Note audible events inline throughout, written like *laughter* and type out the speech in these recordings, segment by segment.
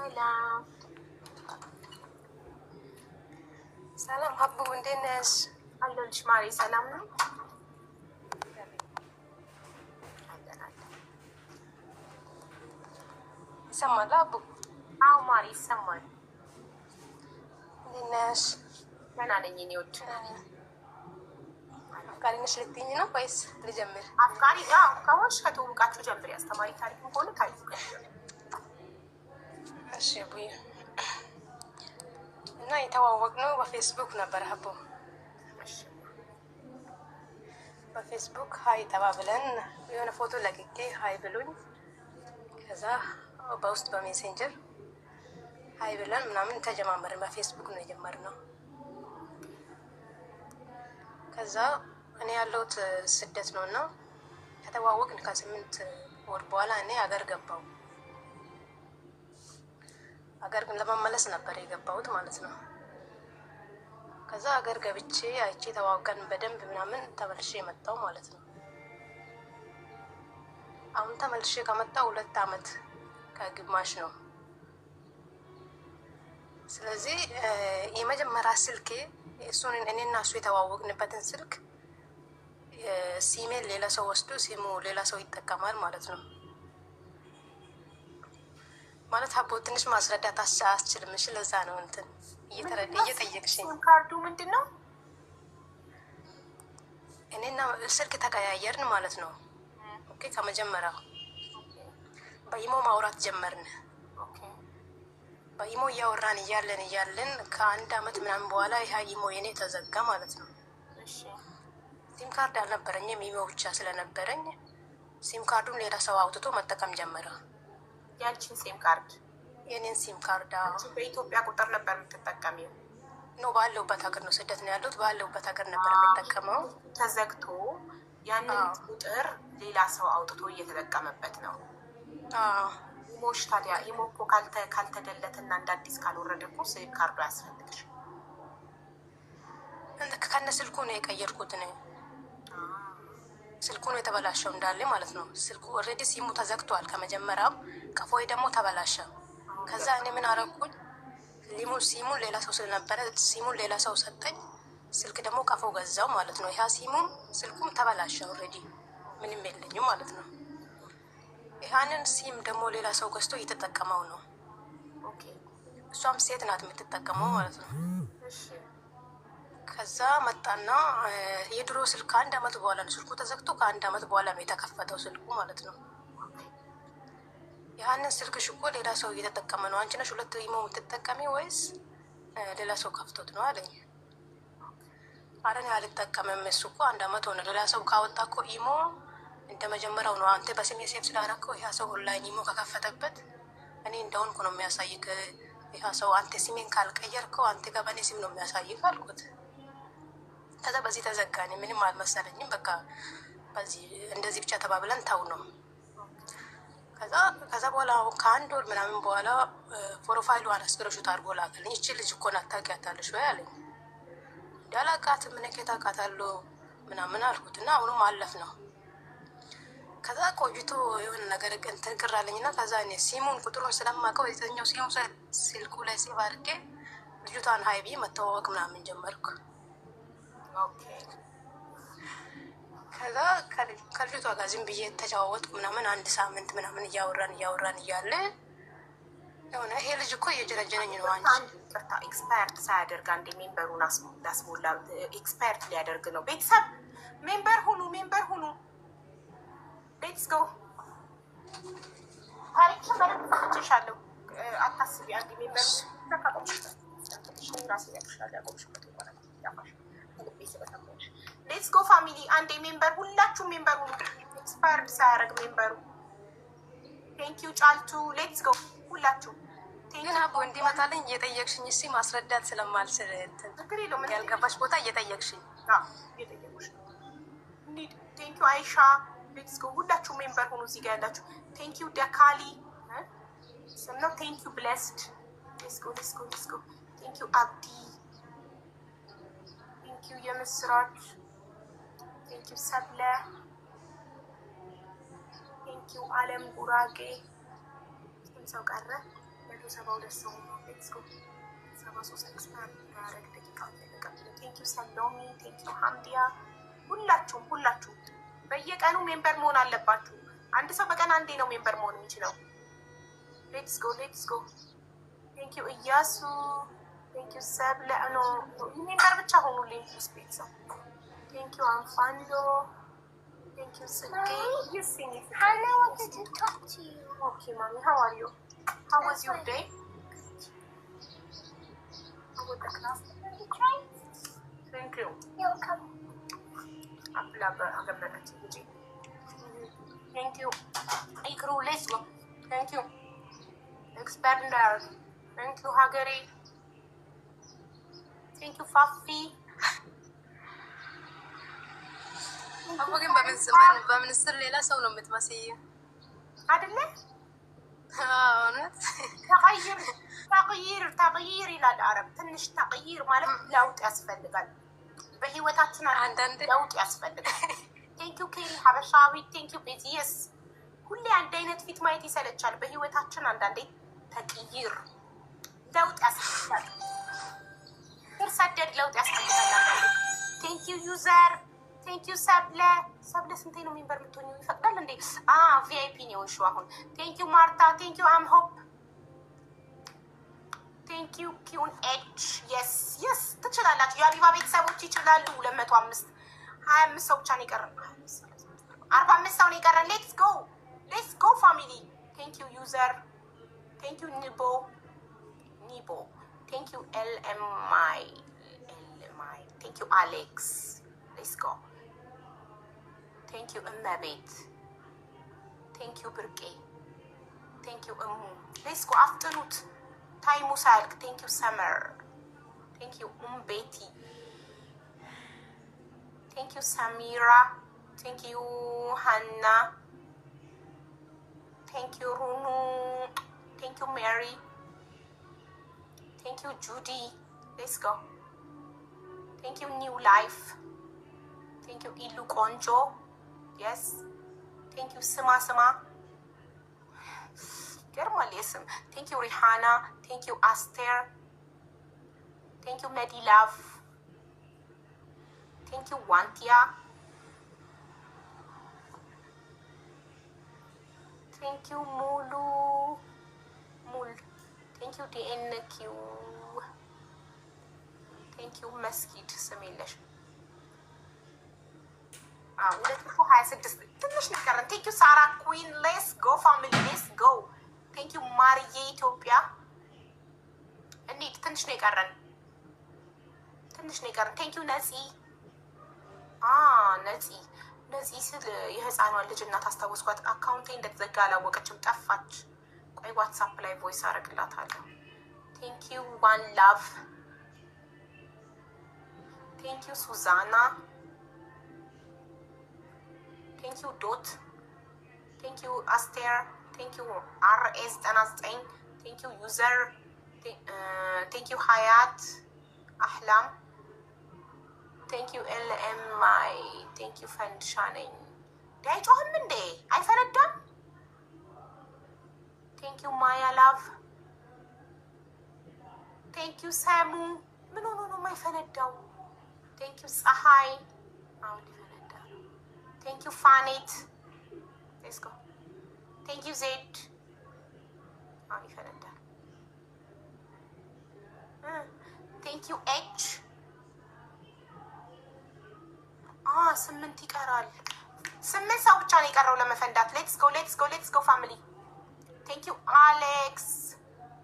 ሰላም ሰላም፣ ሀቡ እንዴት ነሽ? አለሁልሽ ማሪ። ሰላም ነው። ይሰማል ሀቡ? አዎ ማሪ ይሰማል። እንዴት ነሽ? ደህና ነኝ። እኔ አፍቃሪ ነሽ ልትይኝ ነው ወይስ ልጀምር? አፍቃሪ ከሆንሽ ከተውቃችሁ ጀምሪ። አስተማሪ ታሪክም ከሆነ ታሪክ እሺ ቡዬ እና የተዋወቅነው በፌስቡክ ነበር። ሀቦ በፌስቡክ ሀይ ጠባ ብለን የሆነ ፎቶ ለቅቄ ሀይ ብሎኝ ከዛ በውስጥ በሜሴንጀር ሀይ ብለን ምናምን ተጀማመርን። በፌስቡክ ነው የጀመርነው። ከዛ እኔ ያለሁት ስደት ነው እና ከተዋወቅን ከስምንት ወር በኋላ እኔ አገር ገባው አገር ግን ለመመለስ ነበር የገባሁት ማለት ነው። ከዛ አገር ገብቼ አይቼ ተዋውቀን በደንብ ምናምን ተመልሼ የመጣው ማለት ነው። አሁን ተመልሼ ከመጣ ሁለት አመት ከግማሽ ነው። ስለዚህ የመጀመሪያ ስልኬ እሱን እኔና እሱ የተዋወቅንበትን ስልክ ሲሜል ሌላ ሰው ወስዶ ሲሙ ሌላ ሰው ይጠቀማል ማለት ነው። ማለት አቦ ትንሽ ማስረዳት አስችልም። እሺ፣ ለዛ ነው እንትን እየተረዳ እየጠየቅሽኝ። ካርዱ ምንድን ነው? እኔና ስልክ ተቀያየርን ማለት ነው። ኦኬ፣ ከመጀመሪያው በኢሞ ማውራት ጀመርን። በኢሞ እያወራን እያለን እያለን ከአንድ አመት ምናምን በኋላ ይህ ኢሞ የኔ ተዘጋ ማለት ነው። ሲም ካርድ አልነበረኝም፣ ኢሞ ብቻ ስለነበረኝ ሲም ካርዱን ሌላ ሰው አውጥቶ መጠቀም ጀመረ። ያንቺን ሲም ካርድ የኔን ሲም ካርድ በኢትዮጵያ ቁጥር ነበር የምትጠቀሚው? ኖ ባለሁበት ሀገር ነው፣ ስደት ነው ያሉት። ባለሁበት ሀገር ነበር የምጠቀመው። ተዘግቶ ያንን ቁጥር ሌላ ሰው አውጥቶ እየተጠቀመበት ነው። ሞሽ ታዲያ ኢሞ እኮ እንደ አዲስ ካልወረደ እኮ ሲም ካርዱ አያስፈልግሽ። ከነ ስልኩ ነው የቀየርኩት ነው ስልኩ ነው የተበላሸው እንዳለ ማለት ነው። ስልኩ ኦልሬዲ ሲሙ ተዘግቷል ከመጀመሪያው፣ ቀፎይ ደግሞ ተበላሸ። ከዛ እኔ ምን አረኩኝ? ሲሙን ሌላ ሰው ስለነበረ ሲሙን ሌላ ሰው ሰጠኝ። ስልክ ደግሞ ቀፎ ገዛው ማለት ነው። ያ ሲሙም ስልኩም ተበላሸ። ኦልሬዲ ምንም የለኝም ማለት ነው። ይህንን ሲም ደግሞ ሌላ ሰው ገዝቶ እየተጠቀመው ነው። እሷም ሴት ናት የምትጠቀመው ማለት ነው። ከዛ መጣና የድሮ ስልክ ከአንድ አመት በኋላ ነው ስልኩ ተዘግቶ ከአንድ አመት በኋላ ነው የተከፈተው ስልኩ ማለት ነው። ያንን ስልክ ሽኮ ሌላ ሰው እየተጠቀመ ነው፣ አንቺ ነሽ ሁለት ኢሞ የምትጠቀሚ ወይስ ሌላ ሰው ከፍቶት ነው አለኝ። አረ እኔ አልጠቀምም፣ እሱ እኮ አንድ አመት ሆነ። ሌላ ሰው ካወጣ እኮ ኢሞ እንደ መጀመሪያው ነው። አንተ በስሜ ሴፍ ስላደረከው ያ ሰው ኦንላይን ኢሞ ከከፈተበት እኔ እንደሆንኩ ነው የሚያሳይክ። ያ ሰው አንተ ስሜን ካልቀየርከው አንተ ጋር በእኔ ስም ነው የሚያሳይክ አልኩት። ከዛ በዚህ ተዘጋን። ምንም አልመሰለኝም። በቃ በዚህ እንደዚህ ብቻ ተባብለን ተው ነው። ከዛ በኋላ ከአንድ ወር ምናምን በኋላ ፕሮፋይሉ አላስገረሹት አድርጎ ላከልኝ። ይቺ ልጅ እኮ ናት ወይ አለኝ። እንዳላቃት ምነኬታ ቃታለሁ ምናምን አልኩት እና አሁኑም አለፍ ነው። ከዛ ቆይቶ የሆነ ነገር እንትን አለኝ እና ከዛ እኔ ሲሙን ቁጥሩን ስለማውቀው የተኛው ሲሙ ስልኩ ላይ ሲባርጌ አድርጌ ልጅቷን ሀይቢ መተዋወቅ ምናምን ጀመርኩ። ከዛ ከልጅቷ ጋር ዝም ብዬ ተጫዋወጥኩ ምናምን አንድ ሳምንት ምናምን እያወራን እያወራን እያለ የሆነ ይሄ ልጅ እኮ እየጀረጀነኝ ነው። አንቺ ቅርታ ኤክስፓየርድ ሳያደርግ አንድ ሜምበሩን አስሞላ ኤክስፓየርድ ሊያደርግ ነው። ቤተሰብ ሜምበር ሁኑ፣ ሜምበር ሁኑ። ቤትስ ጎ ታሪክ መረቻለሁ። አታስቢ አንድ ሜምበር ሆነ ሌትስ ጎ ፋሚሊ አንዴ ሜምበር ሁላችሁ ሜምበሩ ኤክስፓየርድ ሳያደርግ ሜምበሩ ቴንክ ዩ ጫልቱ ሌትስ ጎ ሁላችሁ ግን አቦ እንዲመጣልኝ እየጠየቅሽኝ እሺ ማስረዳት ስለማልችል ያልገባሽ ቦታ እየጠየቅሽኝ ቴንክ ዩ አይሻ ሌትስ ጎ ሁላችሁ ሜምበር ሆኑ እዚህ ጋ ያላችሁ ቴንክ ዩ ደካሊ ስም ነው ቴንክ ዩ ሌትስ ጎ ሌትስ ጎ ሌትስ ጎ ቴንክ ዩ አብዲ ቴንኪዩ የምስራች ቴንኪዩ ሰብለ ቴንኪዩ አለም ጉራጌ ስም ሰው ቀረ መቶ ሰባ ሁለት ሰው ሰባ ሶስት ማድረግ ደቂቃ ተቀብለ ቴንኪዩ ሰሎሚ ቴንኪዩ ሀምዲያ ሁላችሁም ሁላችሁም በየቀኑ ሜምበር መሆን አለባችሁ። አንድ ሰው በቀን አንዴ ነው ሜምበር መሆን የሚችለው። ሌትስ ጎ ሌትስ ጎ ቴንኪዩ እያሱ ቤተሰብ ለኖ ሜምበር ብቻ ሆኑልኝ ስ ቤተሰብ ቴንኪዩ አንፋንዶ ቴንኪዩ ጽጌ ይስ ኦኬ ማሚ ሀው አር ዩ ሀው ዋዝ ዩር ዴይ ቴንኪዩ አብላ አገመጠች ልጄ ቴንኪዩ ይክሩ ሌስ ቴንኪዩ ኤክስፐርት እንዳያደርግ ቴንኪዩ ሀገሬ ቴንኪው ፋፊ። አቦ ግን በምንስር ሌላ ሰው ነው የምትመስይው አይደለ? እውነት ተቀይር ተቀይር ተቅይር ይላል አረብ። ትንሽ ተቀይር ማለት ለውጥ ያስፈልጋል። በህይወታችን አንዳንድ ለውጥ ያስፈልጋል። ቴንኪው ኬሪ ሀበሻዊ ቴንኪው ቤዚየስ። ሁሌ አንድ አይነት ፊት ማየት ይሰለቻል። በህይወታችን አንዳንዴ ተቅይር ለውጥ ያስፈልጋል። ስር ሰደድ ለውጥ ያስፈልጋል። ቴንክ ዩ ዩዘር ቴንክ ዩ ሰብለ ሰብለ ስንቴ ነው ሜምበር የምትሆኝ? ይፈቅዳል እንዴ? ቪአይፒ ነው ሹ አሁን። ቴንክ ዩ ማርታ ቴንክ ዩ አም ሆፕ ቴንክ ዩ ኪውን ኤች የስ የስ ትችላላችሁ። የአቢባ ቤተሰቦች ይችላሉ። ሁለት መቶ አምስት ሀያ አምስት ሰው ብቻ ነው የቀረን፣ አርባ አምስት ሰው ነው የቀረን። ሌትስ ጎ ሌትስ ጎ ፋሚሊ ቴንክ ዩ ዩዘር ቴንክ ዩ ኒቦ ኒቦ Thank you, LMI. LMI. Thank you, Alex. Let's go. Thank you, Ummabit. Thank you, Birke. Thank you, Ummu. Let's go. Afternoon. Time Musalk. Thank you, Summer. Thank you, Betty. Thank you, Samira. Thank you, Hannah. Thank you, Runu. Thank you, Mary. Thank you, Judy. Let's go. Thank you, New Life. Thank you, Ilu Konjo. Yes. Thank you, Sima Sima. Journalism. *sighs* Thank you, Rihanna. Thank you, Aster. Thank you, Medilove. Thank you, Wantia. Thank you, Mulu. Mul. ቴንኪው ዲኤንኪው ቴንኪው መስጊድ ስም የለሽ ሁለት መቶ ሀያ ስድስት ትንሽ ንቀረን። ቴንኪው ሳራ ኩዊን ሌስ ጎ ፋሚሊ ሌስ ጎ ቴንኪው ማርዬ ኢትዮጵያ እንዴት ትንሽ ነው የቀረን፣ ትንሽ ነው የቀረን። ቴንኪው ነፂ ነፂ ነፂ ስል የህፃኗን ልጅ እናት አስታወስኳት። አካውንቴ እንደተዘጋ አላወቀችም፣ ጠፋች። ላይ ዋትሳፕ ላይ ቮይስ አረግላታለሁ። ቴንኪዩ ዋን ላቭ ቴንኪዩ ሱዛና ቴንኪዩ ዶት ቴንኪዩ አስቴር ቴንኪዩ አርኤ ዘጠና ዘጠኝ ቴንኪዩ ዩዘር ቴንኪዩ ሀያት አህላም ቴንኪዩ ኤልኤምአይ ቴንኪዩ ፈንድሻ ነኝ። ዳይጮህም እንዴ አይፈነዳም። Thank you, Maya love. Thank you, Samu. ምን ሆኖ ነው የማይፈነዳው? ቴንክ ዩ ፀሐይ። አሁን ሊፈነዳ ነው። ቴንክ ዩ ፋኔት። ሌትስ ጎ። ቴንክ ዩ ዜድ። አሁን ይፈነዳ። ቴንክ ዩ ኤች። ስምንት ይቀራል። ስምንት ሰው ብቻ ነው የቀረው ለመፈንዳት። ሌትስ ጎ ሌትስ ጎ ሌትስ ጎ ፋሚሊ ቴንኪው አሌክስ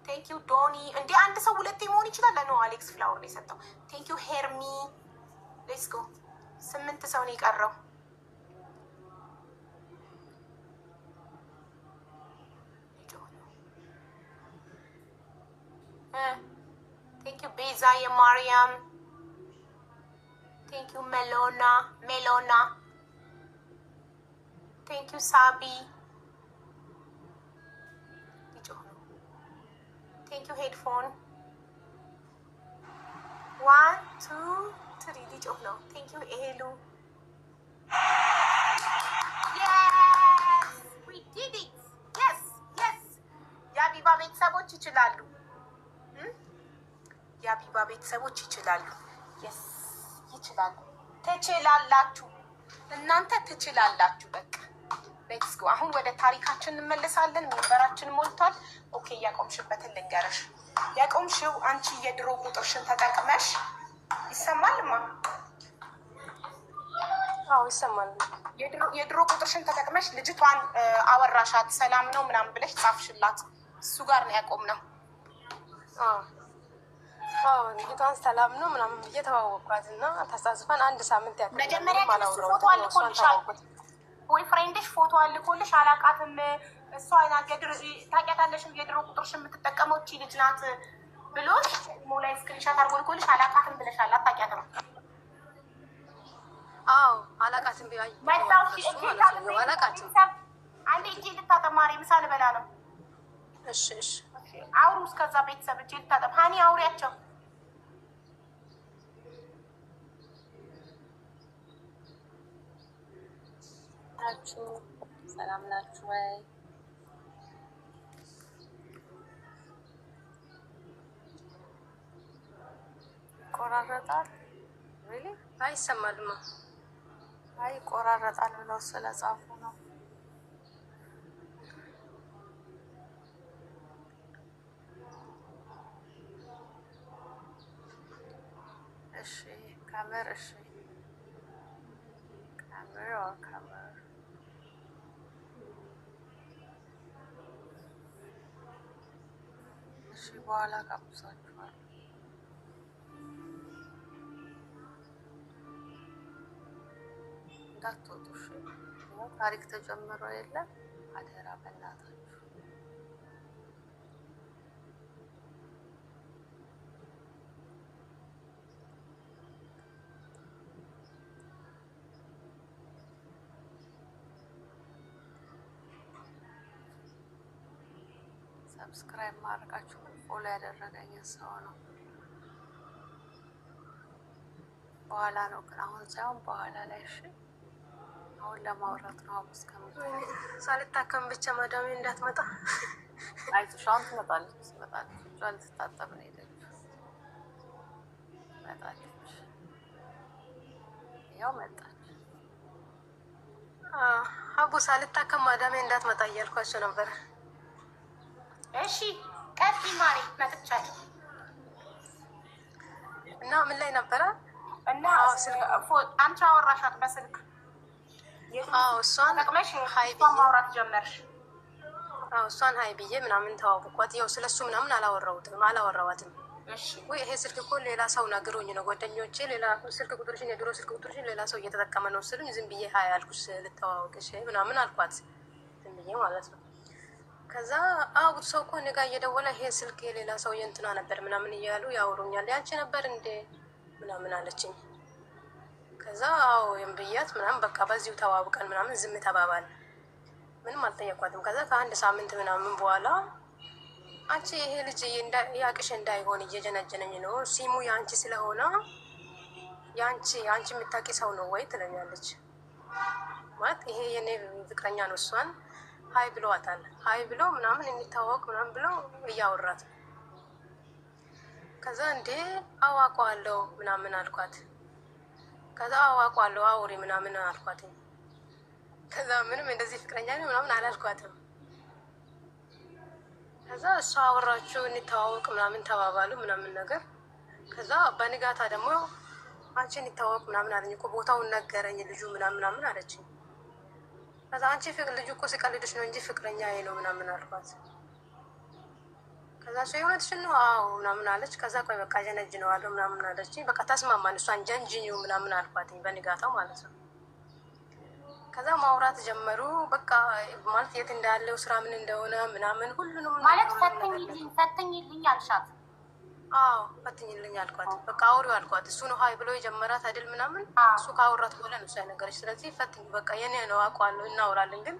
ቴንኪው ዶኒ። እንደ አንድ ሰው ሁለቴ መሆን ይችላል። ነው አሌክስ ፍላወር ነው የሰጠው። ቴንኪው ሄርሚ ሌትስ ጎ። ስምንት ሰው ነው የቀረው። ቴንኪው ቤዛ የማርያም ቴንኪው ሜሎና ሜሎና ቴንኪው ሳቢ ቴክ ዩ ሄድፎን ዋን ቱ ትሪ ሊጮህ ነው። ቴንክ ዩ ኤሉ የአቢባ ቤተሰቦች ይችላሉ። የአቢባ hmm? ቤተሰቦች ይችላሉ። ይችላሉ። ትችላላችሁ። እናንተ ትችላላችሁ። በቃ ሌትስ ጎ። አሁን ወደ ታሪካችን እንመለሳለን። መንበራችን ሞልቷል። ኦኬ፣ ያቆምሽበትን ልንገርሽ። ያቆምሽው አንቺ የድሮ ቁጥርሽን ተጠቅመሽ ይሰማልማ? አዎ ይሰማል። የድሮ ቁጥርሽን ተጠቅመሽ ልጅቷን አወራሻት፣ ሰላም ነው ምናምን ብለሽ ጻፍሽላት። እሱ ጋር ነው ያቆም ነው። ልጅቷን ሰላም ነው ምናምን ብዬ ተዋወቅኳት እና ተሳስፈን አንድ ሳምንት ያክል መጀመሪያ ፎቶ አልኮልሻል ቦይፍሬንድሽ ፎቶ አልኮልሽ አላቃትም። እሷ ታውቂያታለሽ፣ የድሮ ቁጥርሽ የምትጠቀመው እቺ ልጅ ናት ብሎሽ ሞላይ ስክሪንሻት አርጎ ልኮልሽ አላቃትም ብለሻል። አታውቂያትም? አዎ አላቃትም። አንዴ እጄ ልታጠብ ማሪ፣ ምሳ ልበላ ነው። እሺ፣ እሺ፣ አውሩ። እስከዛ ቤተሰብ እጅ ልታጠብ ሀኒ፣ አውሪያቸው ናችሁ? ሰላም ናችሁ ወይ? ቆራረጣል አይሰማልማ። አይ ቆራረጣል ብለው ስለጻፉ ነው። እሺ ካምር፣ እሺ ካምር፣ ካምር እሺ፣ በኋላ ጋብዛችኋለሁ። እንዳትወጡ እሺ። ታሪክ ተጀምሮ የለም አደራ በእናታችሁ። ሰብስክራይብ ማድረጋችሁ ፎሎ ያደረገኝ ሰው ነው። በኋላ ነው ግን አሁን ሳይሆን በኋላ ላይ እሺ። አሁን ለማውራት ነው። አሁን እስከምትሄድ ሳልታከም ብቻ ማዳሜ እንዳትመጣ። አይዞሽ፣ አሁን ትመጣለች፣ ትመጣለች። እጇን ልትታጠብ ነው የሄደችው። ትመጣለች፣ ያው መጣች። አቦ ሳልታከም ማዳሜ እንዳትመጣ እያልኳቸው ነበረ። እሺ ቀጥ ማሪ መጥቻለሁ እና ምን ላይ ነበረ? እና አንቺ አወራሻት በስልክ እሷን ሀይ ብዬ ምናምን ተዋወቅኳት። ያው ስለ እሱ ምናምን አላወራሁትም አላወራዋትም። ወይ ይሄ ስልክ እኮ ሌላ ሰው ነግሮኝ ነው ጓደኞቼ፣ ሌላ ስልክ ቁጥርሽን የድሮ ስልክ ቁጥርሽን ሌላ ሰው እየተጠቀመ ነው ዝም ብዬ ሀይ አልኩሽ ልተዋወቅሽ ምናምን አልኳት፣ ዝም ብዬ ማለት ነው ከዛ አው ሰው እኮ እኔ ጋር እየደወለ ይሄ ስልክ የሌላ ሰው የእንትና ነበር ምናምን እያሉ ያወሩኛል። ያንቺ ነበር እንዴ ምናምን አለችኝ። ከዛ አው የምብያት ምናምን በቃ በዚሁ ተዋውቀን ምናምን ዝም ተባባል። ምንም አልጠየኳትም። ከዛ ከአንድ ሳምንት ምናምን በኋላ አንቺ ይሄ ልጅ ያቅሽ እንዳይሆን እየጀነጀነኝ ነው ሲሙ የአንቺ ስለሆነ የአንቺ አንቺ የምታውቂ ሰው ነው ወይ ትለኛለች። ማለት ይሄ የኔ ፍቅረኛ ነው እሷን ሀይ ብለዋታል። ሀይ ብለው ምናምን የሚታወቅ ምናምን ብለው እያወራት ነው። ከዛ እንዴ አዋቋ አለው ምናምን አልኳት። ከዛ አዋቋ አለው አውሪ ምናምን አልኳት። ከዛ ምንም እንደዚህ ፍቅረኛ ነው ምናምን አላልኳትም። ከዛ እሷ አወራችሁ እንታዋወቅ ምናምን ተባባሉ ምናምን ነገር። ከዛ በንጋታ ደግሞ አንቺ እንታዋወቅ ምናምን አለኝ እኮ ቦታውን ነገረኝ ልጁ ምናምን ምናምን አለችኝ። ከዛ አንቺ ፍቅር ልጁ እኮ ሲቀልድሽ ነው እንጂ ፍቅረኛ ነው ምናምን አልኳት። ከዛ ሰው የእውነትሽን ነው አዎ ምናምን አለች። ከዛ ቆይ በቃ ጀነጅ ነው አለው ምናምን አለች። በቃ ተስማማን፣ እሷን ጀንጅኝ ምናምን አልኳት በንጋታው ማለት ነው። ከዛ ማውራት ጀመሩ። በቃ ማለት የት እንዳለው ስራ ምን እንደሆነ ምናምን ሁሉንም ማለት ፈተኝልኝ ፈተኝልኝ አልሻት አዎ አትኝልኝ አልኳት። በቃ አውሪ አልኳት። እሱ ነው ሀይ ብሎ የጀመራት አይደል ምናምን እሱ ካወራት በኋላ ነው እሷ ነገረች። ስለዚህ ፈትኝ በቃ የኔ ነው አውቀዋለሁ፣ እናወራለን። ግን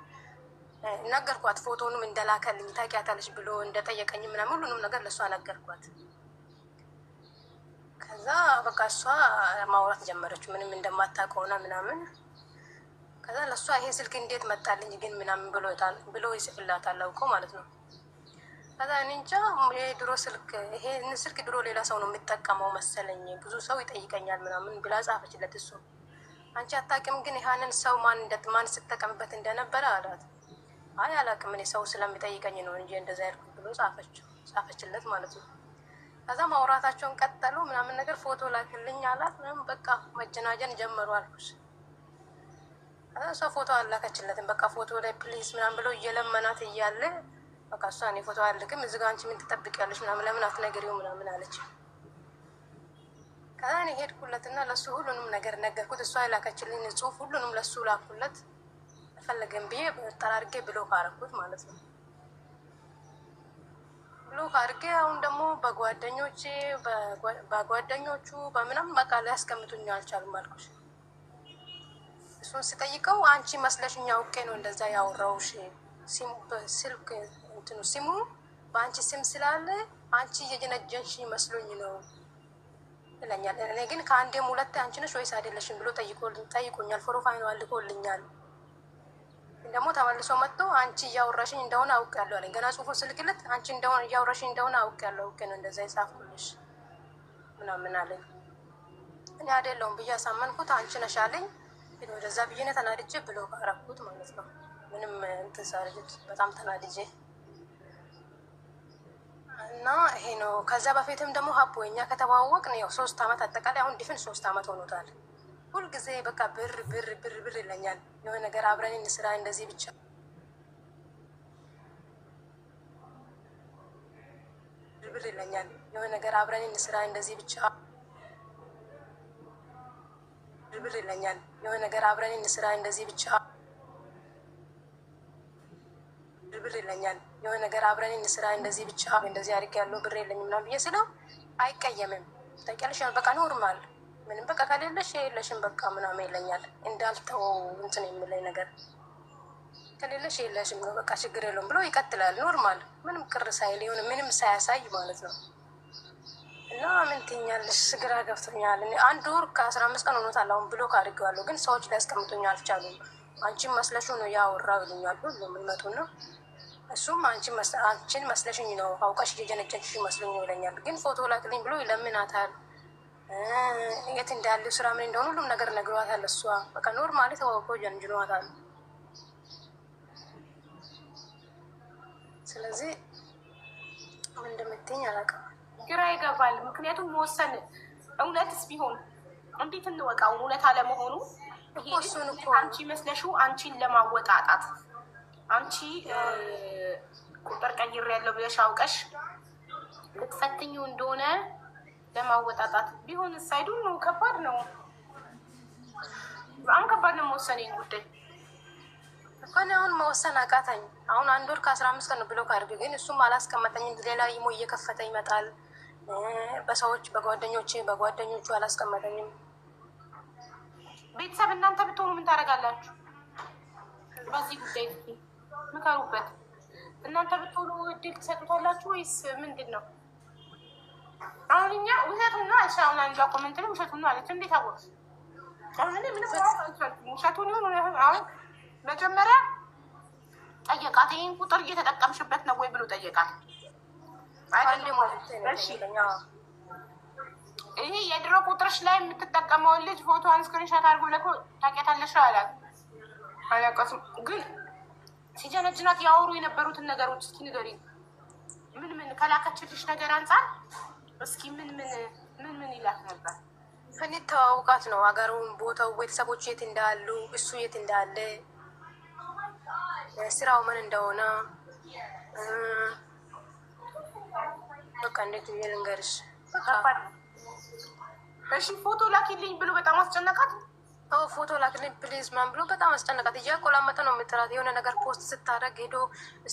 ነገርኳት፣ ፎቶንም እንደላከልኝ ታውቂያታለሽ ብሎ እንደጠየቀኝ ምናምን ሁሉንም ነገር ለእሷ ነገርኳት። ከዛ በቃ እሷ ማውራት ጀመረች፣ ምንም እንደማታውቀውና ምናምን። ከዛ ለእሷ ይሄ ስልክ እንዴት መጣልኝ ግን ምናምን ብሎ ብሎ ይስፍላታል አውቀው ማለት ነው ከዛ እንጃ የድሮ ስልክ ይሄን ስልክ ድሮ ሌላ ሰው ነው የምጠቀመው መሰለኝ፣ ብዙ ሰው ይጠይቀኛል ምናምን ብላ ጻፈችለት። እሱ አንቺ አታውቂም ግን ይህንን ሰው ማን ማን ስጠቀምበት እንደነበረ አላት። አይ አላውቅም እኔ ሰው ስለሚጠይቀኝ ነው እንጂ እንደዛ ያልኩ ብሎ ጻፈችለት ማለት ነው። ከዛ ማውራታቸውን ቀጠሉ ምናምን ነገር ፎቶ ላክልኝ አላት። ምንም በቃ መጀናጀን ጀመሩ አልኩሽ። ከዛ እሷ ፎቶ አላከችለትም። በቃ ፎቶ ላይ ፕሊዝ ምናምን ብለው እየለመናት እያለ በቃ እሷ እኔ ፎቶ አልልክም እዚህ ጋር አንቺ ምን ትጠብቂያለሽ? ምናምን ለምን አትነግሪው ምናምን አለች። ከዛ እኔ ሄድኩለትና ለሱ ሁሉንም ነገር ነገርኩት። እሷ የላከችልኝ ጽሁፍ ሁሉንም ለሱ ላኩለት። ፈለገን ብዬ ጠራርጌ ብሎ ካረኩት ማለት ነው። ብሎ ካርጌ አሁን ደግሞ በጓደኞቼ በጓደኞቹ በምናም በቃ ሊያስቀምጡኝ አልቻሉም አልኩሽ። እሱን ስጠይቀው አንቺ መስለሽኛ አውቄ ነው እንደዛ ያወራውሽ ስልክ እንትኑ ስሙ በአንቺ ስም ስላለ አንቺ እየጀነጀንሽ ይመስሉኝ ነው ይለኛል። እኔ ግን ከአንዴም ሁለቴ አንቺ ነሽ ወይስ አይደለሽም ብሎ ጠይቆኛል። ፕሮፋይል አልቆልኛል። ደግሞ ተመልሶ መጥቶ አንቺ እያወራሽኝ እንደሆነ አውቅ አውቄያለሁ አለኝ። ገና ጽሁፉን ስልክለት አንቺ እንደሆነ እያወራሽኝ እንደሆነ አውቅ አውቄያለሁ፣ አውቄ ነው እንደዛ የጻፍኩልሽ ምናምን አለኝ። እኔ አይደለሁም ብዬ አሳመንኩት። አንቺ ነሽ አለኝ። ወደዛ ብዬ ነው ተናድጄ ብሎ አረኩት ማለት ነው። ምንም እንትን ሳልልት በጣም ተናድጄ እና ይሄ ነው። ከዛ በፊትም ደግሞ ሀቦ እኛ ከተዋወቅ ነው ሶስት አመት አጠቃላይ አሁን ዲፍን ሶስት አመት ሆኖታል። ሁልጊዜ በቃ ብር ብር ብር ብር ይለኛል። የሆነ ነገር አብረን እንስራ እንደዚህ ብቻ ብር ይለኛል። የሆነ ነገር አብረን እንስራ እንደዚህ ብቻ ብር ይለኛል። የሆነ ነገር አብረን እንስራ እንደዚህ ብቻ ብር ይለኛል። የሆነ ነገር አብረን እንስራ፣ እንደዚህ ብቻ እንደዚህ አድርግ ያለው ብር የለኝ ምናምን ብዬ ስለው አይቀየምም። ታውቂያለሽ፣ በቃ ኖርማል ምንም በቃ ከሌለሽ የለሽም በቃ ምናምን ይለኛል። እንዳልተው እንትን የሚለኝ ነገር ከሌለሽ የለሽም ነው በቃ ችግር የለውም ብሎ ይቀጥላል። ኖርማል ምንም ቅር ሳይል የሆነ ምንም ሳያሳይ ማለት ነው። እና ምን ትኛለሽ? ግራ ገብቶኛል። አንድ ወር ከአስራ አምስት ቀን ሆኖታል። አሁን ብሎክ አድርጌዋለሁ፣ ግን ሰዎች ሊያስቀምጡኝ አልቻሉም። አንቺም መስለሽ ነው ያወራው ይሉኛል ሁሉ ነው እሱም አንቺን መስለሽኝ ነው አውቀሽ እየጀነጀንሽ መስሎኝ ነው ይለኛል። ግን ፎቶ ላክልኝ ብሎ ይለምናታል። የት እንዳለው ስራ ምን እንደሆነ ሁሉም ነገር ነግሯታል። እሷ በቃ ኖር ማለት አወቆ ጀንጅኗታል። ስለዚህ ምን እንደምትይኝ አላውቅም። ግራ ይገባል። ምክንያቱም መወሰን እውነትስ ቢሆን እንዴት እንወቃው እውነት አለመሆኑ እሱን እኮ አንቺ መስለሽው አንቺን ለማወጣጣት አንቺ ቁጥር ቀይር ያለው ብለሽ አውቀሽ ልትፈትኙ እንደሆነ ለማወጣጣት ቢሆን ሳይዱ ነው። ከባድ ነው፣ በጣም ከባድ ነው መወሰን። ጉዳይ እኳን አሁን መወሰን አቃተኝ። አሁን አንድ ወር ከአስራ አምስት ቀን ብሎ ካርግ ግን እሱም አላስቀመጠኝም። ሌላ ይሞ እየከፈተ ይመጣል። በሰዎች በጓደኞች በጓደኞቹ አላስቀመጠኝም። ቤተሰብ እናንተ ብትሆኑ ምን ታደርጋላችሁ በዚህ ጉዳይ? ምከሩበት። እናንተ ብትሆኑ እድል ትሰጡታላችሁ ወይስ ምንድን ነው? አሁን እኛ ውሸቱን ነው እሺ። አሁን አንዷ ኮመንት ላይ ውሸቱን ነው አለች። እንዴት አወቅሽ? ውሸቱን ይሁን አሁን መጀመሪያ ጠየቃት። ይህን ቁጥር እየተጠቀምሽበት ነው ወይ ብሎ ጠየቃት። ይህ የድሮ ቁጥርሽ ላይ የምትጠቀመውን ልጅ ፎቶ አንስክሪንሻት አድርጎ ለኮ ታውቂያታለሽ አላት። አላውቃትም ግን ሲጀነጅናት ያወሩ የነበሩትን ነገሮች እስኪ ንገሪ። ምን ምን ከላከችልሽ ነገር አንጻር እስኪ ምን ምን ምን ምን ይላት ነበር? ፍኔት ተዋውቃት ነው ሀገሩን፣ ቦታው፣ ቤተሰቦች የት እንዳሉ፣ እሱ የት እንዳለ፣ ስራው ምን እንደሆነ በቃ እንዴት ልንገርሽ። እሺ ፎቶ ላኪልኝ ብሎ በጣም አስጨነቃት። አዎ ፎቶ ላክልኝ ፕሊዝ ማን ብሎ በጣም አስጨነቃት። እያቆላመጠ ነው የምትላት የሆነ ነገር ፖስት ስታደርግ ሄዶ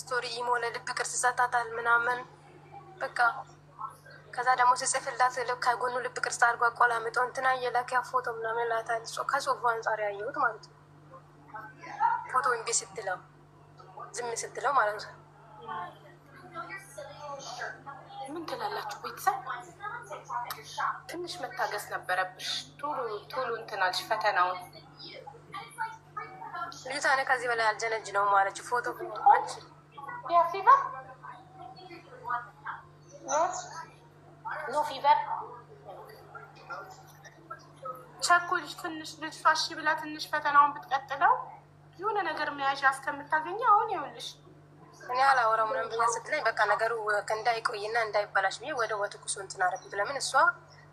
ስቶሪ ኢሞ ለልብ ቅርጽ ሰጣታል ምናምን በቃ ከዛ ደግሞ ስጽፍላት ከጎኑ ልብ ቅርጽ አድርጎ አቆላምጦ እንትና የላኪያ ፎቶ ምናምን ላታል። ከጽሁፉ አንጻር ያየሁት ማለት ነው። ፎቶ እምቢ ስትለው ዝም ስትለው ማለት ነው። ምን ትላላችሁ ቤተሰብ? ትንሽ መታገስ ነበረብሽ። ቶሎ ቶሎ እንትን ፈተናውን ልጅቷ ነ ከዚህ በላይ አልጀነጅ ነው ማለች። ፎቶ ኖ ፊቨር ቸኩልሽ ትንሽ ልጅቷ እሺ ብላ ትንሽ ፈተናውን ብትቀጥለው የሆነ ነገር መያዣ እስከምታገኘ አሁን ይኸውልሽ እኔ አላወራ ምንም ብላ ስትለኝ በቃ ነገሩ እንዳይቆይና እንዳይበላሽ ብዬ ወደ ወትኩሱ እንትን አደረኩት። ለምን እሷ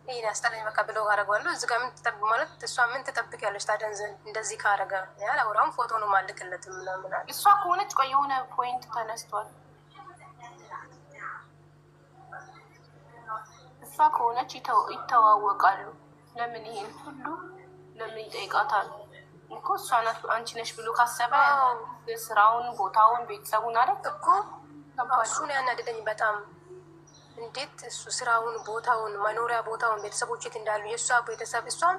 ይሄን ያስጠላኝ በቃ ብሎ አደርገዋለሁ። እዚ ጋር ምን ትጠብ ማለት እሷ ምን ትጠብቅ ያለች ታደን እንደዚህ ካረገ አላወራም። ፎቶ ነው ማልክለትም ምናምን አለ። እሷ ከሆነች ቆይ የሆነ ፖይንት ተነስቷል። እሷ ከሆነች ይተዋወቃሉ። ለምን ይሄን ሁሉ ለምን ይጠይቃታል? እኮ እሷ አንቺ ነሽ ብሎ ካሰበ ስራውን፣ ቦታውን፣ ቤተሰቡን አለ እኮ እሱን ያናደደኝ በጣም እንዴት እሱ ስራውን፣ ቦታውን፣ መኖሪያ ቦታውን ቤተሰቦች የት እንዳሉ የእሷ ቤተሰብ እሷም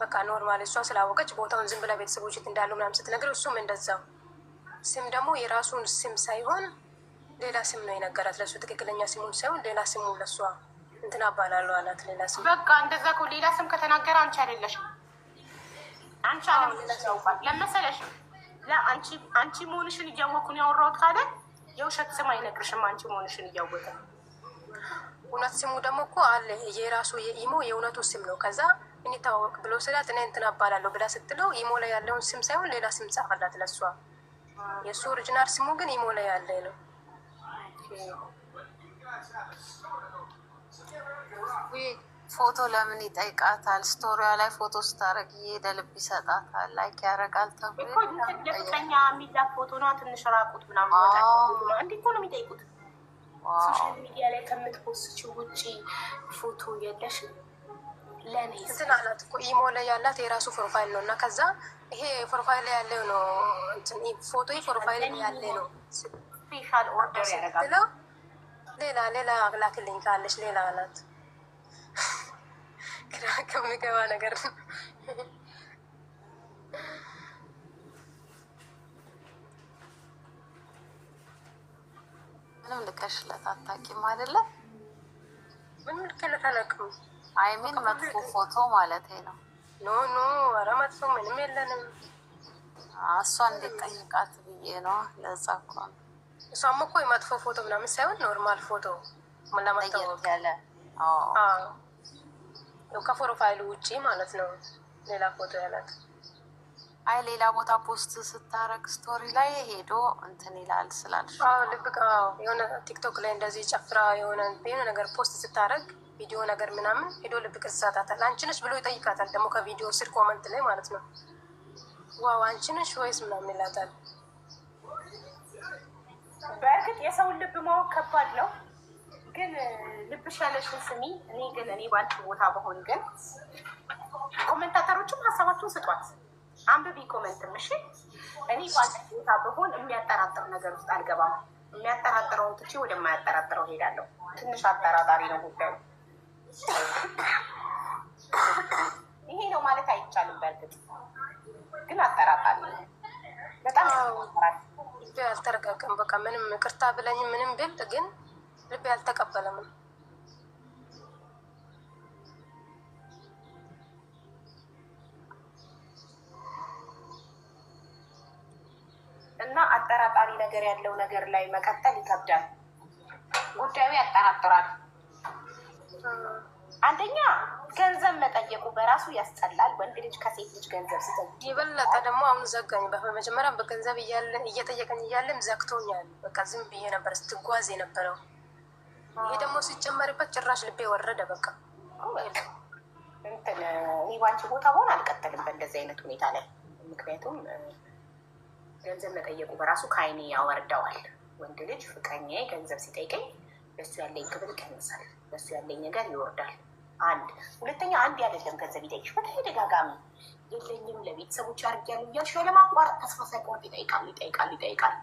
በቃ ኖርማል እሷ ስላወቀች ቦታውን ዝም ብላ ቤተሰቦች የት እንዳሉ ምናምን ስትነግር እሱም እንደዛው ስም ደግሞ የራሱን ስም ሳይሆን ሌላ ስም ነው የነገራት። ለእሱ ትክክለኛ ስሙን ሳይሆን ሌላ ስሙ ለእሷ እንትን አባላለሁ አላት። ሌላ ስም በቃ እንደዛ ሌላ ስም ከተናገረ አንቺ አይደለሽም አንቺ አለመግለጽ ያውቃል። ለመሰለሽ አንቺ መሆንሽን እያወቅኩን ያወራሁት ካለ የውሸት ስም አይነግርሽም። አንቺ መሆንሽን እያወቀ እውነት ስሙ ደግሞ እኮ አለ የራሱ የኢሞ የእውነቱ ስም ነው። ከዛ እንታወቅ ብሎ ስላት እኔ እንትን አባላለሁ ብላ ስትለው ኢሞ ላይ ያለውን ስም ሳይሆን ሌላ ስም ጻፈላት ለሷ። የእሱ ኦሪጂናል ስሙ ግን ኢሞ ላይ ያለ ነው። ፎቶ ለምን ይጠይቃታል? ስቶሪያ ላይ ፎቶ ስታረግ እየሄደ ልብ ይሰጣታል፣ ላይክ ያረጋል ተብሎ ደስተኛ የሚላክ ፎቶ ነው። ትንሽ ራቁት ምናምን እንዲ እኮ ነው የሚጠይቁት። ሶሻል ሚዲያ ላይ ከምትፖስች ውጭ ፎቶ የለሽ እንትን አላት እኮ ኢሞ ላይ ያላት የራሱ ፕሮፋይል ነው እና ከዛ ይሄ ፕሮፋይል ያለው ነው ፎቶ ፕሮፋይል ያለ ነው ሌላ ሌላ አላክልኝ ካለች ሌላ አላት ግራ ከሚገባ ነገር ነው። ምንም ልከሽለት አታውቂም አይደለ? ምንም ልከለት አላውቅም። አይ መጥፎ ፎቶ ማለት ነው። ኖ ኖ፣ ኧረ መጥፎ ምንም የለንም። እሷ እንዴት ጠይቃት ብዬ ነው። ለዛ እኮ ነው። እሷም እኮ የመጥፎ ፎቶ ምናምን ሳይሆን ኖርማል ፎቶ ለማታወቅ ያለ ከፕሮፋይሉ ውጭ ማለት ነው። ሌላ ፎቶ ያላት አይ ሌላ ቦታ ፖስት ስታረግ ስቶሪ ላይ ሄዶ እንትን ይላል ስላል ልብ የሆነ ቲክቶክ ላይ እንደዚህ ጨፍራ የሆነ ነገር ፖስት ስታረግ ቪዲዮ ነገር ምናምን ሄዶ ልብ ቅርጽ ይሳታታል። ብሎ ይጠይቃታል። ደግሞ ከቪዲዮ ስር ኮመንት ላይ ማለት ነው። ዋው አንቺ ወይስ ምናምን ይላታል። በእርግጥ የሰውን ልብ ማወቅ ከባድ ነው። ግን ልብሽ ያለሽን ስሚ። እኔ ግን እኔ በአንቺ ቦታ በሆን ግን ኮመንታተሮችም ሀሳባቸውን ስጧት፣ አንብቢ ኮመንት ምሽ። እኔ በአንቺ ቦታ በሆን የሚያጠራጥር ነገር ውስጥ አልገባም። የሚያጠራጥረውን ትቼ ወደማያጠራጥረው ሄዳለሁ። ትንሽ አጠራጣሪ ነው ጉዳዩ። ይሄ ነው ማለት አይቻልም። በእርግጥ ግን አጠራጣሪ ነው በጣም አልተረጋገም። በቃ ምንም ይቅርታ ብለኝ ምንም ብል ግን ልቤ አልተቀበለም። እና አጠራጣሪ ነገር ያለው ነገር ላይ መቀጠል ይከብዳል። ጉዳዩ ያጠራጥራል። አንደኛ ገንዘብ መጠየቁ በራሱ ያስጠላል። ወንድ ልጅ ከሴት ልጅ ገንዘብ ሲጠይቅ የበለጠ ደግሞ አሁን ዘጋኝ። በመጀመሪያ በገንዘብ እየጠየቀኝ እያለም ዘግቶኛል። በቃ ዝም ብዬ ነበር ስትጓዝ የነበረው ይሄ ደግሞ ሲጨመርበት ጭራሽ ልቤ ወረደ። በቃ እንትን እኔ ባንቺ ቦታ በሆን አልቀጠልም በእንደዚህ አይነት ሁኔታ ላይ ምክንያቱም ገንዘብ መጠየቁ በራሱ ከአይኔ ያወርደዋል። ወንድ ልጅ ፍቅረኛ ገንዘብ ሲጠይቀኝ በሱ ያለኝ ክብር ይቀንሳል፣ በሱ ያለኝ ነገር ይወርዳል። አንድ ሁለተኛ፣ አንድ ያደለም ገንዘብ ይጠይቅሽ በተደጋጋሚ የለኝም ለቤተሰቦች አድርጊያለሁ እያልሽ ለማቋረጥ ተስፋ ሳይቆርጥ ይጠይቃል ይጠይቃል ይጠይቃል።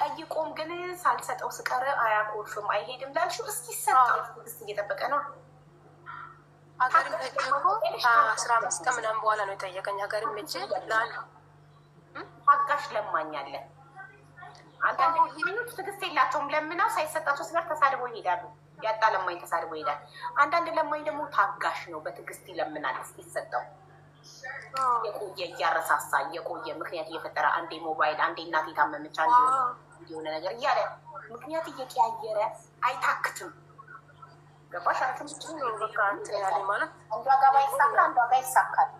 ጠይቆም ግን ሳልሰጠው ስቀር አያኮርፍም፣ አይሄድም ላልሹ እስኪ ይሰጣል። ትዕግስት እየጠበቀ ነው። ሀገር አስራ አምስት ቀን ምናምን በኋላ ነው የጠየቀኝ። ሀገር ምች አጋሽ ለማኝ አለ። አንዳንድ ሄኖች ትዕግስት የላቸውም። ለምነው ሳይሰጣቸው ስበር ተሳድቦ ይሄዳሉ። ያጣ ለማኝ ተሳድቦ ይሄዳል። አንዳንድ ለማኝ ደግሞ ታጋሽ ነው፣ በትግስት ይለምናል። እስኪ ይሰጠው የቆየ እያረሳሳ የቆየ ምክንያት እየፈጠረ አንዴ ሞባይል፣ አንዴ እናት የታመመች፣ አንዴ የሆነ ነገር እያለ ምክንያት እየቀያየረ አይታክትም። ገባሽ? ማለት አንዷ ጋር ባይሳካ አንዷ ጋር ይሳካል።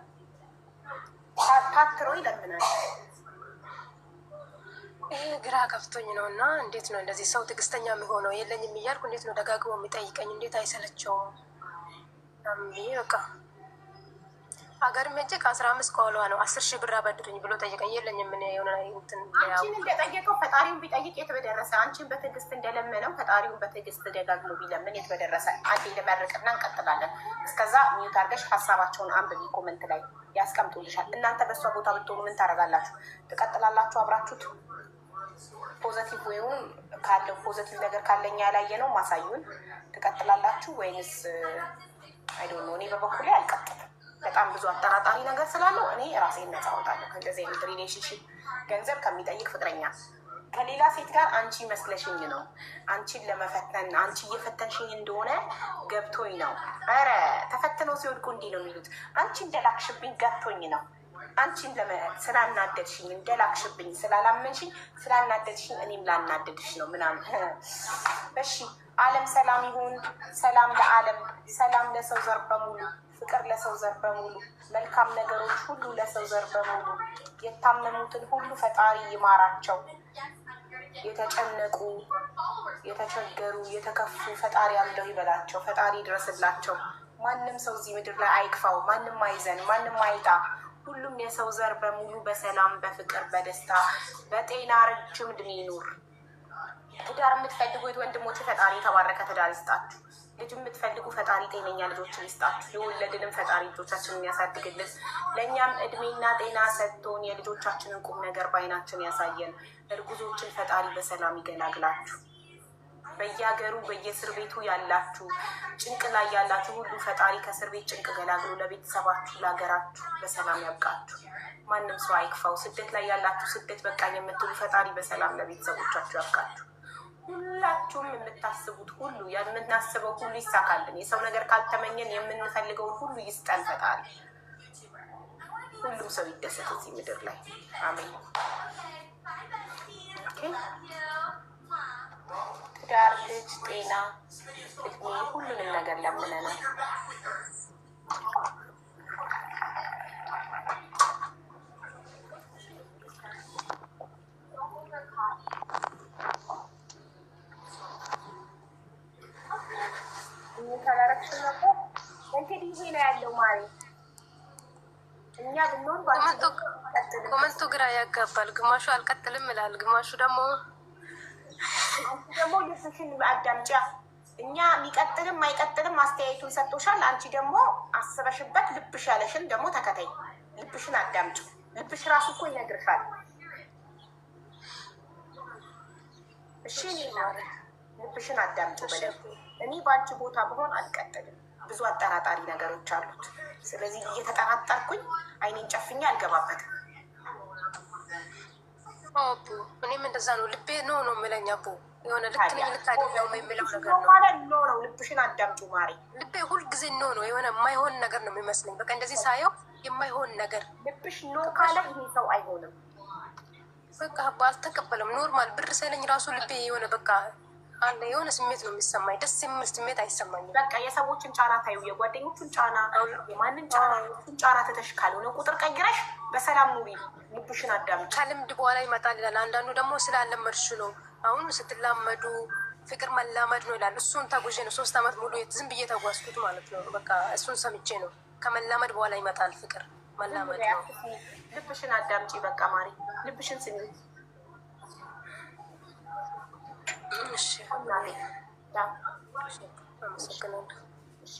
ታትሮ ይለምናል። ይህ ግራ ከፍቶኝ ነው። እና እንዴት ነው እንደዚህ ሰው ትዕግስተኛ የሚሆነው? የለኝም እያልኩ እንዴት ነው ደጋግሞ የሚጠይቀኝ? እንዴት አይሰለቸውም ብዬ በቃ ሀገርም ሄጄ ከአስራ አምስት ከኋላዋ ነው አስር ሺህ ብር አበድርኝ ብሎ ጠየቀኝ። የለኝም ምን የሆነ አንቺን እንደጠየቀው ፈጣሪውን ቢጠይቅ የት በደረሰ። አንቺን በትዕግስት እንደለመነው ፈጣሪውን በትዕግስት ደጋግሎ ቢለምን የት በደረሰ። አንዴ ልመርቅና እንቀጥላለን። እስከዛ ሚዩት አርገሽ ሀሳባቸውን አንብቢ፣ ኮመንት ላይ ያስቀምጡልሻል። እናንተ በእሷ ቦታ ብትሆኑ ምን ታደርጋላችሁ? ትቀጥላላችሁ አብራችሁት ፖዘቲቭ ወይም ካለው ፖዘቲቭ ነገር ካለኝ ያላየ ነው ማሳዩን። ትቀጥላላችሁ ወይንስ አይዶ ነው? እኔ በበኩሌ አልቀጥልም። በጣም ብዙ አጠራጣሪ ነገር ስላለው እኔ ራሴን ነፃ እወጣለሁ። ከእንደዚህ አይነት ሪሌሽንሽፕ ገንዘብ ከሚጠይቅ ፍቅረኛ ከሌላ ሴት ጋር አንቺ መስለሽኝ ነው፣ አንቺን ለመፈተን አንቺ እየፈተንሽኝ እንደሆነ ገብቶኝ ነው። ኧረ ተፈትነው ሲወድቁ እንዲህ ነው የሚሉት። አንቺ እንደላክሽብኝ ገብቶኝ ነው። አንቺን ስላናደድሽኝ፣ እንደላክሽብኝ፣ ስላላመንሽኝ፣ ስላናደድሽኝ እኔም ላናደድሽ ነው ምናምን። እሺ፣ አለም ሰላም ይሁን። ሰላም ለአለም ሰላም ለሰው ዘር በሙሉ ፍቅር ለሰው ዘር በሙሉ መልካም ነገሮች ሁሉ ለሰው ዘር በሙሉ የታመሙትን ሁሉ ፈጣሪ ይማራቸው። የተጨነቁ፣ የተቸገሩ፣ የተከፉ ፈጣሪ አምደው ይበላቸው፣ ፈጣሪ ይድረስላቸው። ማንም ሰው እዚህ ምድር ላይ አይክፋው፣ ማንም አይዘን፣ ማንም አይጣ። ሁሉም የሰው ዘር በሙሉ በሰላም በፍቅር በደስታ በጤና ረጅም ዕድሜ ይኑር። ትዳር የምትፈልጉት ወንድሞች ፈጣሪ የተባረከ ትዳር ይስጣችሁ። ልጅ የምትፈልጉ ፈጣሪ ጤነኛ ልጆችን ይስጣችሁ። የወለድንም ፈጣሪ ልጆቻችንን የሚያሳድግልን ለእኛም እድሜና ጤና ሰጥቶን የልጆቻችንን ቁም ነገር በአይናችን ያሳየን። እርጉዞችን ፈጣሪ በሰላም ይገላግላችሁ። በየሀገሩ በየእስር ቤቱ ያላችሁ ጭንቅ ላይ ያላችሁ ሁሉ ፈጣሪ ከእስር ቤት ጭንቅ ገላግሎ ለቤተሰባችሁ ለሀገራችሁ በሰላም ያብቃችሁ። ማንም ሰው አይክፋው። ስደት ላይ ያላችሁ ስደት በቃኝ የምትሉ ፈጣሪ በሰላም ለቤተሰቦቻችሁ ያብቃችሁ። ሁላችሁም የምታስቡት ሁሉ የምናስበው ሁሉ ይሳካልን። የሰው ነገር ካልተመኘን የምንፈልገውን ሁሉ ይስጠን ፈጣሪ። ሁሉም ሰው ይደሰት እዚህ ምድር ላይ አሜን። ትዳር፣ ልጅ፣ ጤና፣ እድሜ ሁሉንም ነገር ለምነናል። ይሄ ነው ያለው ማለት ኮመንቱ ግራ ያጋባል። ግማሹ አልቀጥልም ይላል፣ ግማሹ ደግሞ ደግሞ እኛ የሚቀጥልም አይቀጥልም አስተያየቱን ሰጥቶሻል። አንቺ ደግሞ አስበሽበት ልብሽ ያለሽን ደግሞ ተከታይ፣ ልብሽን አዳምጪ። ልብሽ ራሱ እኮ ይነግርሻል። እሺ ልብሽን እኔ በአንቺ ቦታ ብሆን አልቀጥልም። ብዙ አጠራጣሪ ነገሮች አሉት። ስለዚህ እየተጠራጠርኩኝ አይኔን ጨፍኛ አልገባበትም። አቡ እኔም እንደዛ ነው። ልቤ ኖ ነው የምለኝ አቡ የሆነ ልክ ነኝ ልክ የሚለው ነገር ኖ ነው ልብሽን አዳምጪ ማሪ። ልቤ ሁልጊዜ ኖ ነው የሆነ የማይሆን ነገር ነው የሚመስለኝ። በቃ እንደዚህ ሳየው የማይሆን ነገር ልብሽ ኖ ካለ ይሄ ሰው አይሆንም። በቃ አልተቀበለም። ኖርማል ብር ሳይለኝ ራሱ ልቤ የሆነ በቃ አለ የሆነ ስሜት ነው የሚሰማኝ። ደስ የሚል ስሜት አይሰማኝም። በቃ የሰዎችን ጫና ታዩ፣ የጓደኞቹን ጫና፣ የማንን ጫና ጫና ትተሽ ካልሆነ ቁጥር ቀይረሽ በሰላም ኑሪ። ልብሽን አዳምጪ። ከልምድ በኋላ ይመጣል ይላል። አንዳንዱ ደግሞ ስላለመድሽ ነው። አሁን ስትላመዱ ፍቅር መላመድ ነው ይላል። እሱን ተጉዤ ነው ሶስት አመት ሙሉ ዝም ብዬ ተጓዝኩት ማለት ነው። በቃ እሱን ሰምቼ ነው። ከመላመድ በኋላ ይመጣል ፍቅር መላመድ ነው። ልብሽን አዳምጪ። በቃ ማሪ ልብሽን ስሚ። እሺ፣ ያ እሺ፣ አመሰግናለሁ። እሺ